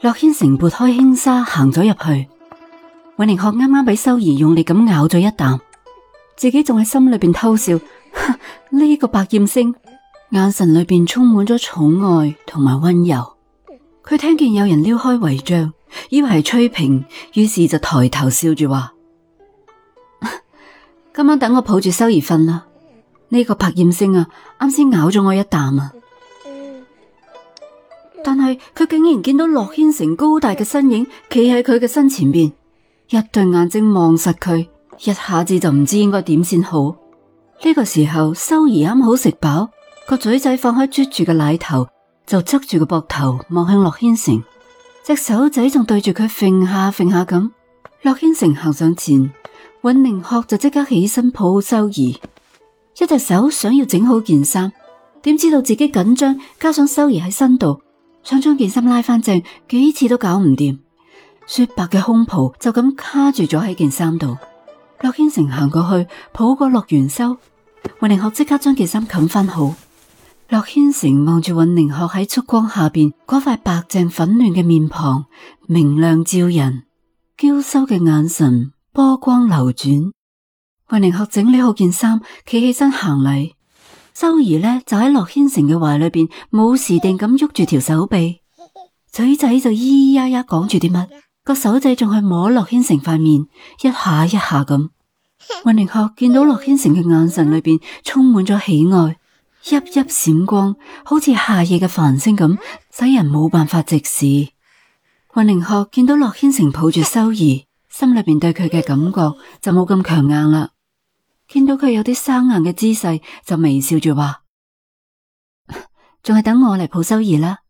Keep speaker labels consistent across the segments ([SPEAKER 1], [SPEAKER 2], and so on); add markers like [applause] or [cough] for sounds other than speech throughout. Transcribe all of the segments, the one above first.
[SPEAKER 1] 駱千成撥開輕紗行咗入去，韋寧學啱啱俾修兒用力咁咬咗一啖，自己仲喺心裏邊偷笑。呢、這個白燕星眼神裏邊充滿咗寵愛同埋溫柔。佢聽見有人撩開帷帳，以為係崔平，於是就抬頭笑住話：今晚等我抱住修兒瞓啦。呢、這個白燕星啊，啱先咬咗我一啖啊！但係佢竟然見到洛軒成高大嘅身影企喺佢嘅身前邊，一對眼睛望實佢，一下子就唔知應該點先好。呢、這個時候，修兒啱好食飽個嘴仔放開啜住嘅奶頭，就側住個膊頭望向洛軒成，隻手仔仲對住佢揈下揈下咁。洛軒成行上前，尹寧鶴就即刻起身抱修兒，一隻手想要整好件衫，點知道自己緊張，加上修兒喺身度。想將件衫拉翻正，幾次都搞唔掂。雪白嘅胸脯就咁卡住咗喺件衫度。駱軒成行過去抱過駱元修，尹寧學即刻將件衫冚翻好。駱軒成望住尹寧學喺燭光下邊嗰塊白淨粉嫩嘅面龐，明亮照人，嬌羞嘅眼神波光流轉。尹寧學整理好件衫，企起身行禮。修兒呢就喺洛軒成嘅懷裏邊，冇時定咁喐住條手臂，嘴仔就咿咿呀呀講住啲乜，個手仔仲去摸洛軒成塊面，一下一下咁。雲凌鶴見到洛軒成嘅眼神裏邊充滿咗喜愛，熠熠閃光，好似夏夜嘅繁星咁，使人冇辦法直視。雲凌鶴見到洛軒成抱住修兒，心裏邊對佢嘅感覺就冇咁強硬啦。見到佢有啲生硬嘅姿勢，就微笑住話：仲 [laughs] 係等我嚟抱修兒啦。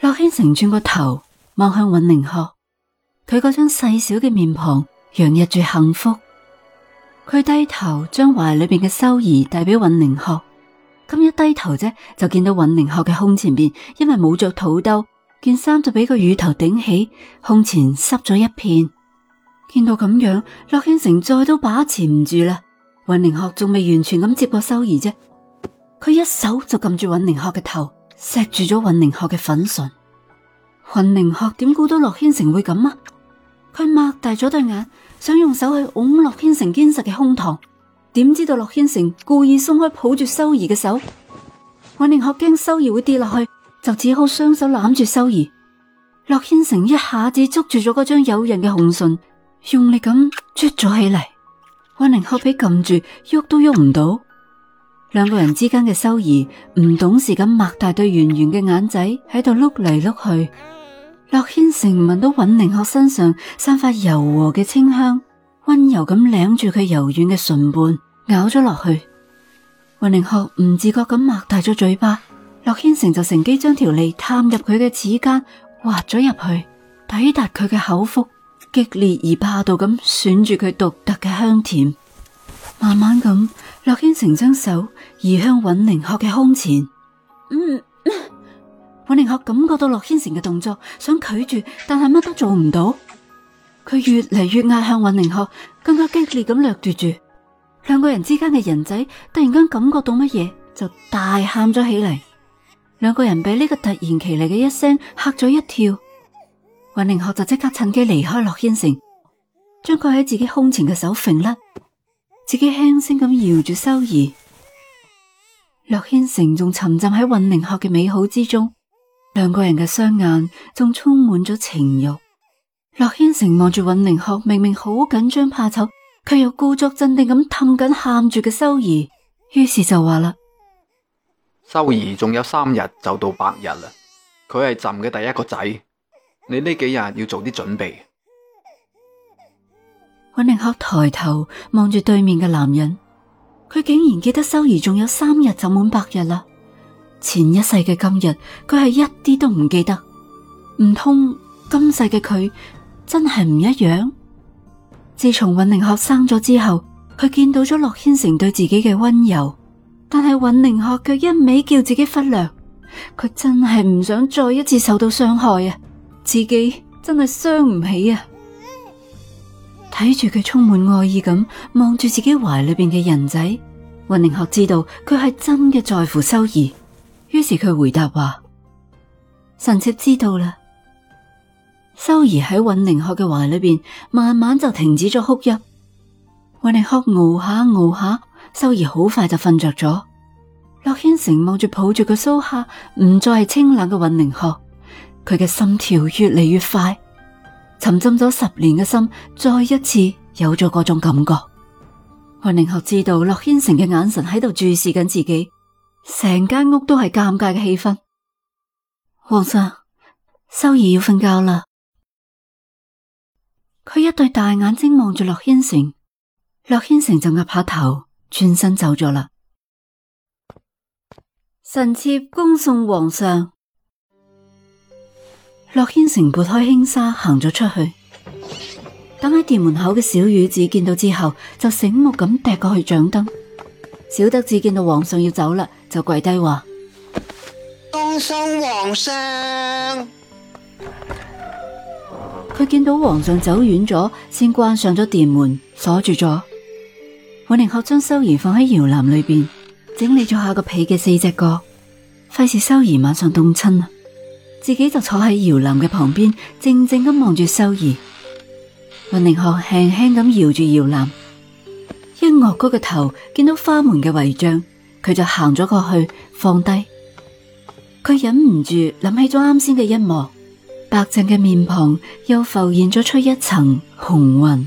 [SPEAKER 1] 洛軒成轉個頭望向尹寧鶴，佢嗰張細小嘅面龐洋溢住幸福。佢低頭將懷裏邊嘅修兒帶俾尹寧鶴，咁一低頭啫，就見到尹寧鶴嘅胸前邊，因為冇着肚兜，件衫就俾個乳頭頂起，胸前濕咗一片。見到咁樣，洛軒城再都把持唔住啦。尹寧學仲未完全咁接過修兒啫，佢一手就撳住尹寧學嘅頭，錫住咗尹寧學嘅粉唇。尹寧學點估到洛軒城會咁啊？佢擘大咗對眼，想用手去捂洛軒城堅實嘅胸膛，點知道洛軒城故意鬆開抱住修兒嘅手。尹寧學驚修兒會跌落去，就只好雙手攬住修兒。洛軒城一下子捉住咗嗰張誘人嘅紅唇。用力咁啜咗起嚟，尹寧鶴被撳住，喐都喐唔到。兩個人之間嘅修兒唔懂事咁擘大對圓圓嘅眼仔喺度碌嚟碌去。洛軒成聞到尹寧鶴身上散發柔和嘅清香，温柔咁舐住佢柔軟嘅唇瓣，咬咗落去。尹寧鶴唔自覺咁擘大咗嘴巴，洛軒成就乘機將條脷探入佢嘅齒間，滑咗入去，抵達佢嘅口腹。激烈而霸道咁吮住佢獨特嘅香甜，慢慢咁，洛軒成將手移向尹寧鶴嘅胸前。嗯，尹寧鶴感覺到洛軒成嘅動作，想拒絕，但係乜都做唔到。佢越嚟越壓向尹寧鶴，更加激烈咁掠奪住。兩個人之間嘅人仔突然間感覺到乜嘢，就大喊咗起嚟。兩個人被呢個突然其嚟嘅一聲嚇咗一跳。尹寧學就即刻趁機離開洛軒城，將佢喺自己胸前嘅手甩甩，自己輕聲咁搖住修兒。洛軒城仲沉浸喺尹寧學嘅美好之中，兩個人嘅雙眼仲充滿咗情慾。洛軒城望住尹寧學，明明好緊張怕醜，卻又故作鎮定咁氹緊喊住嘅修兒，於是就話啦：修兒仲有三日就到百日啦，佢係朕嘅第一個仔。你呢幾日要做啲準備。尹寧學抬頭望住對面嘅男人，佢竟然記得修兒仲有三日就滿百日啦。前一世嘅今日，佢係一啲都唔記得。唔通今世嘅佢真係唔一樣？自從尹寧學生咗之後，佢見到咗駱軒成對自己嘅溫柔，但係尹寧學卻一味叫自己忽略。佢真係唔想再一次受到傷害啊！自己真係傷唔起啊！睇住佢充滿愛意咁望住自己懷裏邊嘅人仔，尹寧鶴知道佢係真嘅在乎修兒，於是佢回答話：臣妾知道啦。修兒喺尹寧鶴嘅懷裏邊，慢慢就停止咗哭泣。尹寧鶴熬下熬下，修兒好快就瞓着咗。洛軒成望住抱住個蘇蝦，唔再係清冷嘅尹寧鶴。佢嘅心跳越嚟越快，沉浸咗十年嘅心，再一次有咗嗰種感覺。阿寧學知道，樂軒成嘅眼神喺度注視緊自己，成間屋都係尷尬嘅氣氛。皇上，修兒要瞓覺啦。佢一對大眼睛望住樂軒成，樂軒成就岌下頭，轉身走咗啦。臣妾恭送皇上。駱軒城撥開輕紗行咗出去，等喺殿門口嘅小雨子見到之後，就醒目咁踢過去掌燈。小德子見到皇上要走啦，就跪低話：恭送皇上。佢見到皇上走遠咗，先關上咗殿門，鎖住咗。我寧鶴將修兒放喺搖籃裏邊，整理咗下個被嘅四隻角，費事修兒晚上凍親啊！自己就坐喺搖籃嘅旁邊，靜靜咁望住修兒。雲寧鶴輕輕咁搖住搖籃，一樂佢嘅頭見到花門嘅遺像，佢就行咗過去放低。佢忍唔住諗起咗啱先嘅一幕，白淨嘅面龐又浮現咗出一層紅暈。